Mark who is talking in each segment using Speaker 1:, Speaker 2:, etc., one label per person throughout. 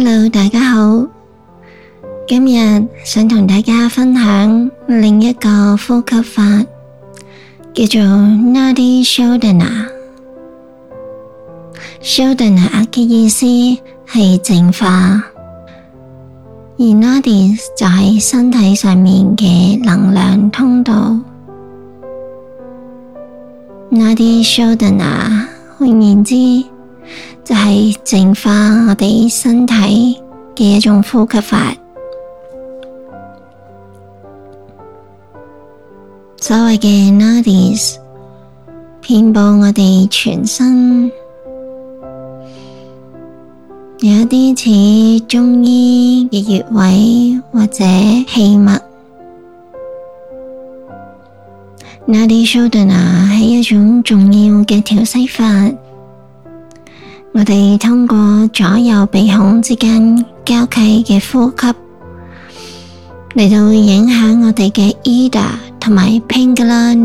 Speaker 1: Hello，大家好，今日想同大家分享另一個呼吸法，叫做 Nadi Shodana。Shodana 嘅意思係淨化，而 Nadi 就係身體上面嘅能量通道。Nadi Shodana 換言之。就係淨化我哋身體嘅一種呼吸法，所謂嘅 nadis 遍佈我哋全身，有一啲似中醫嘅穴位或者器物。nadi shodana 係一種重要嘅調息法。我哋通過左右鼻孔之間交替嘅呼吸，嚟到影響我哋嘅 ta, Ida 同埋 Pingala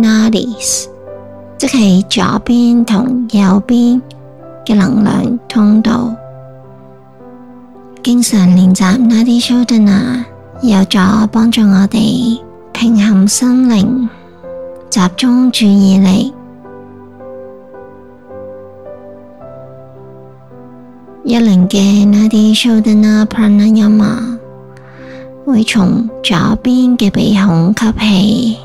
Speaker 1: 一輪嘅 Nadi Shodhana Pranayama 會從左邊嘅鼻孔吸氣，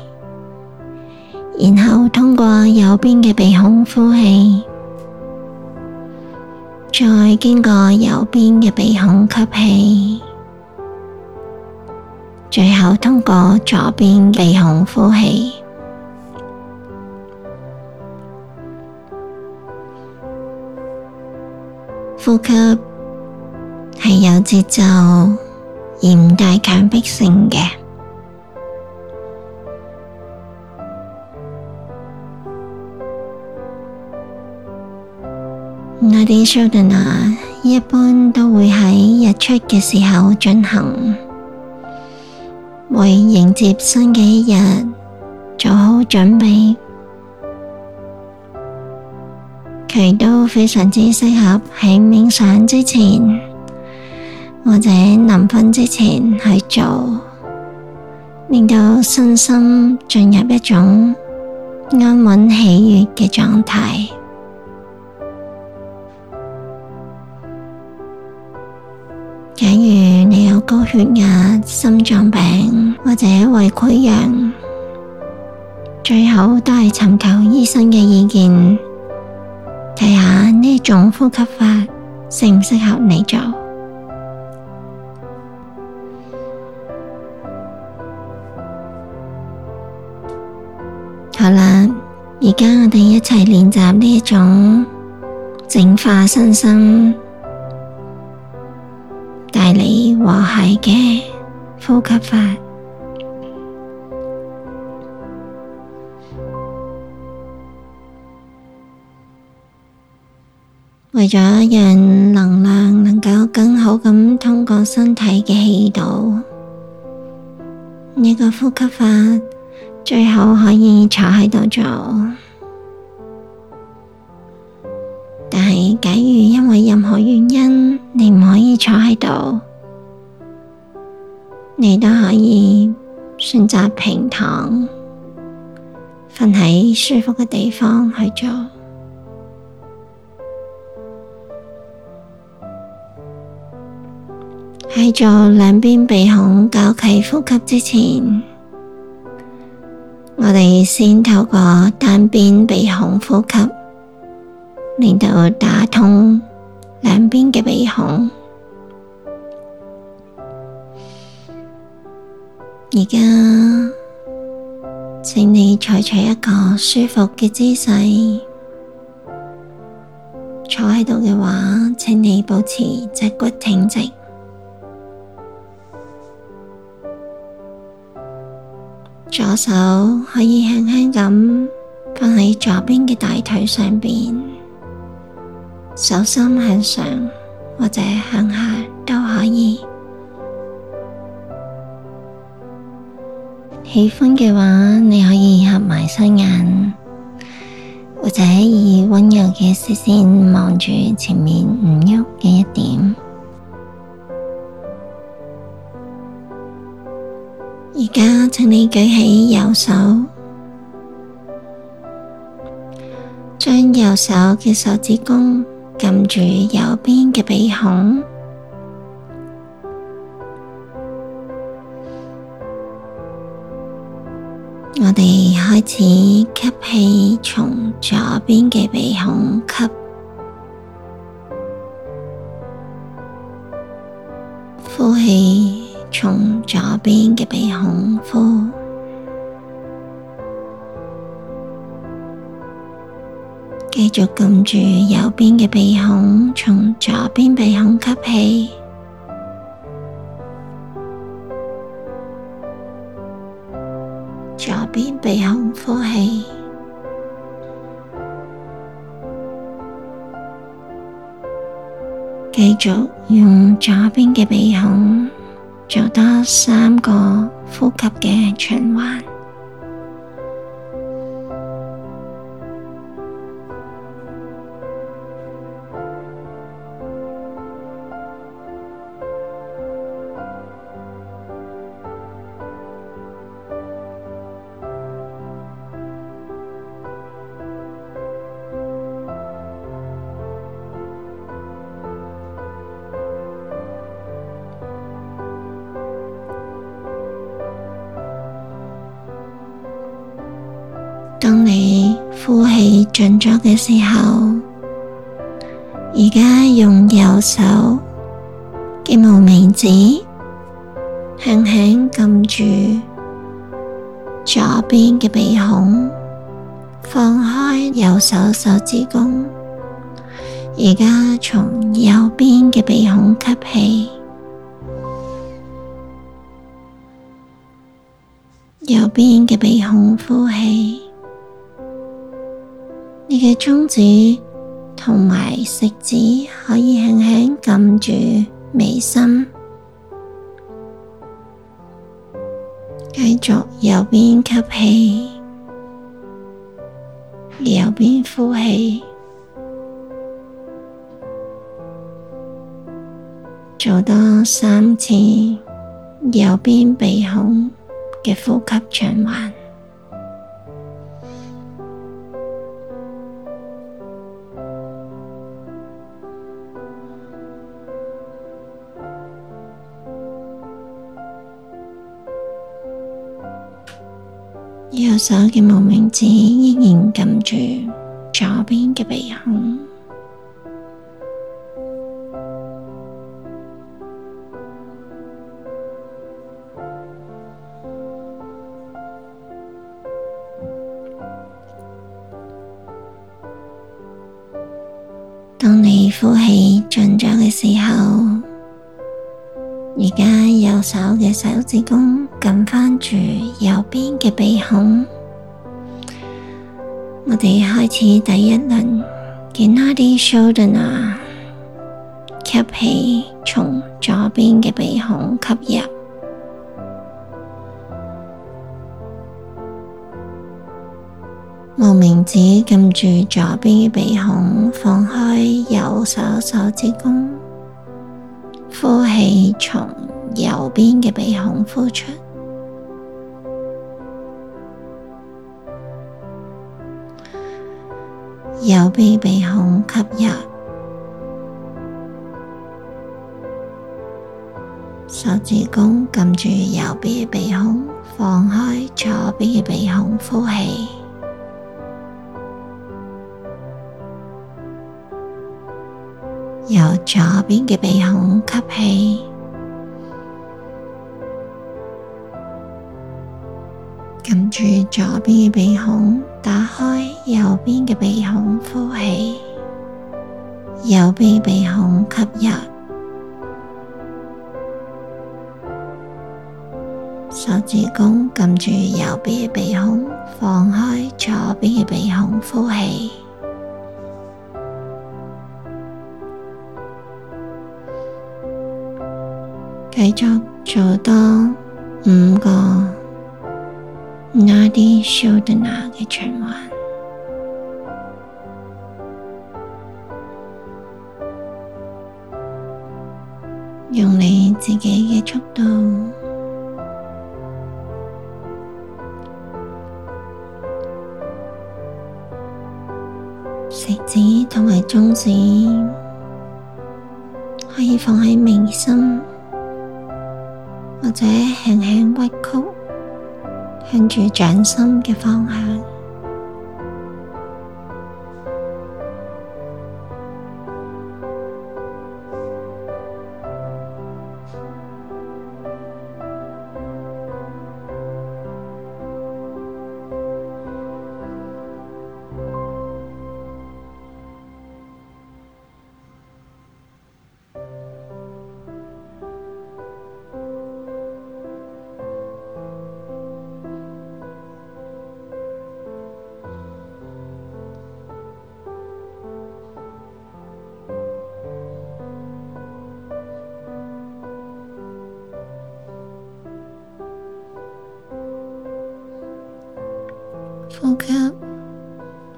Speaker 1: 然後通過右邊嘅鼻孔呼氣，再經過右邊嘅鼻孔吸氣，最後通過左邊鼻孔呼氣。呼吸係有節奏而唔帶強迫性嘅。呢啲操練一般都會喺日出嘅時候進行，為迎接新嘅一日做好準備。佢都非常之適合喺冥想之前或者臨瞓之前去做，令到身心進入一種安穩喜悅嘅狀態。假如你有高血壓、心臟病或者胃潰瘍，最好都係尋求醫生嘅意見。睇下呢種呼吸法適唔適合你做。好啦，而家我哋一齊練習呢一種淨化身心、大理和諧嘅呼吸法。為咗讓能量能夠更好咁通過身體嘅氣道，呢個呼吸法最好可以坐喺度做。但係假如因為任何原因你唔可以坐喺度，你都可以選擇平躺，瞓喺舒服嘅地方去做。喺做兩邊鼻孔交替呼吸之前，我哋先透過單邊鼻孔呼吸，令到打通兩邊嘅鼻孔。而家，請你採取一個舒服嘅姿勢，坐喺度嘅話，請你保持脊骨挺直。左手可以輕輕咁放喺左邊嘅大腿上面，手心向上或者向下都可以。喜歡嘅話，你可以合埋雙眼，或者以溫柔嘅視線望住前面唔喐嘅一點。而家，請你舉起右手，將右手嘅手指公撳住右邊嘅鼻孔。我哋開始吸氣，從左邊嘅鼻孔吸，呼氣。從左邊嘅鼻孔呼，繼續撳住右邊嘅鼻孔。從左邊鼻孔吸氣，左邊鼻孔呼氣，繼續用左邊嘅鼻孔。做多三個呼吸嘅循環。當你呼氣盡咗嘅時候，而家用右手嘅無名指輕輕撳住左邊嘅鼻孔，放開右手手指公。而家從右邊嘅鼻孔吸氣，右邊嘅鼻孔呼氣。嘅中指同埋食指可以輕輕撳住眉心，繼續右邊吸氣，右邊呼氣，做多三次右邊鼻孔嘅呼吸循環。手嘅無名指依然撳住左邊嘅鼻孔。當你呼氣盡咗嘅時候。而家右手嘅手指公撳翻住右邊嘅鼻孔，我哋開始第一輪。嘅 Nadi Shodhana 啊，吸氣，從左邊嘅鼻孔吸入，無名指撳住左邊嘅鼻孔，放開右手手指公。呼氣從右邊嘅鼻孔呼出，右邊嘅鼻孔吸入，手指公撳住右邊嘅鼻孔，放開左邊嘅鼻孔呼氣。由左邊嘅鼻孔吸氣，撳住左邊嘅鼻孔，打開右邊嘅鼻孔呼氣。右邊鼻孔吸入，手指公撳住右邊嘅鼻孔，放開左邊嘅鼻孔呼氣。繼續做多五個 Nadi Shodhana 嘅循環，用你自己嘅速度，食指同埋中指可以放喺眉心。或者輕輕屈曲，向住掌心嘅方向。呼吸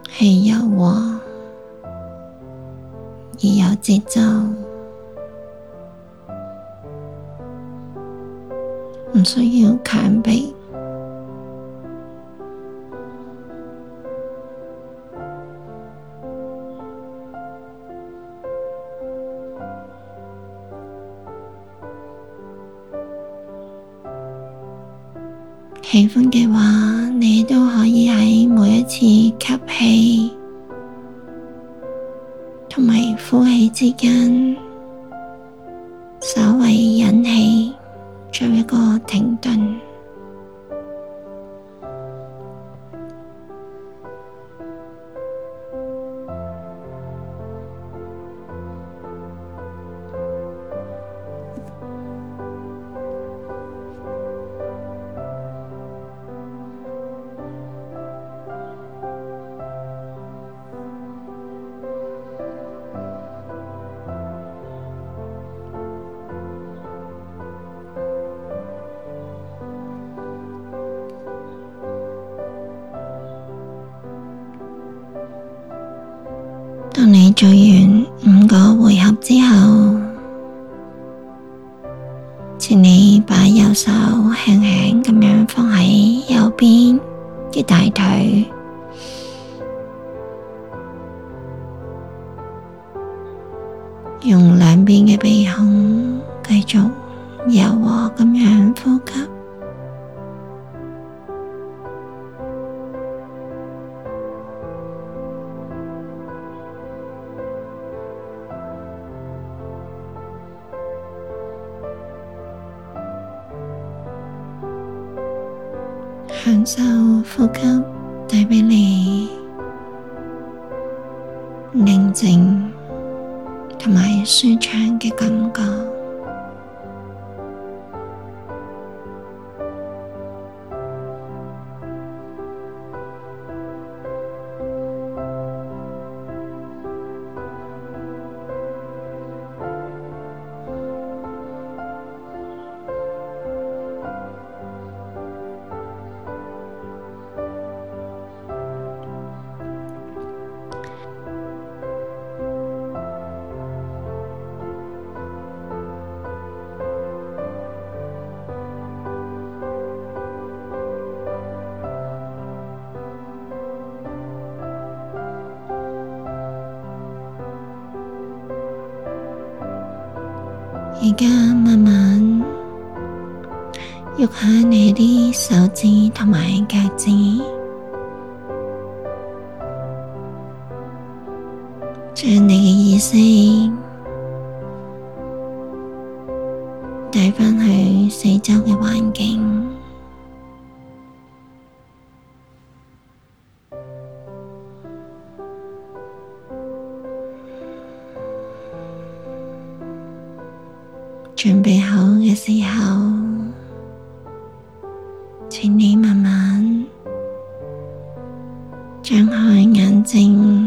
Speaker 1: 係柔和而有節奏，唔需要強迫。喜歡嘅話，你都可以喺每一次吸氣同埋呼氣之間，稍微引氣做一個停頓。做完五個回合之後，請你把右手輕輕咁樣放喺右邊嘅大腿，用兩邊嘅鼻孔繼續柔和咁樣呼吸。享受呼吸帶俾你寧靜同埋舒暢嘅感覺。而家慢慢喐下你啲手指同埋腳趾，將你嘅意識帶翻去四周嘅環境。準備好嘅時候，請你慢慢張開眼睛。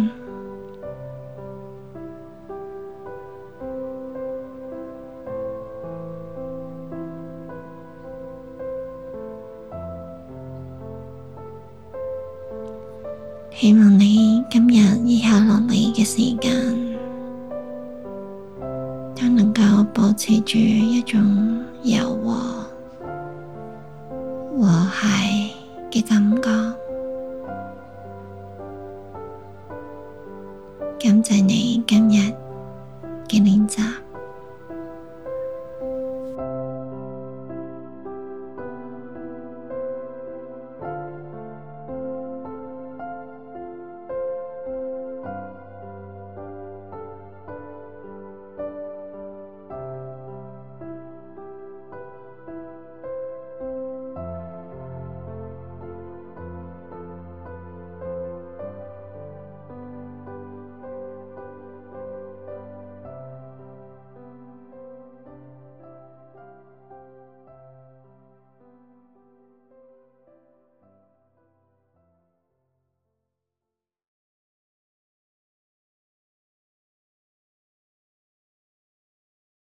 Speaker 1: 就保持住一種柔和和諧嘅感覺，感謝你今日嘅練習。